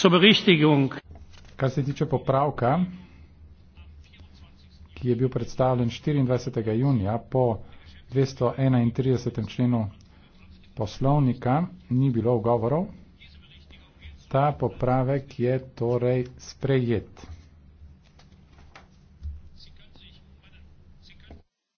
zur Berichtigung. Kar se tiče popravka, ki je bil predstavljen 24. junija po 231. členu poslovnika, ni bilo govorov. Ta popravek je torej sprejet.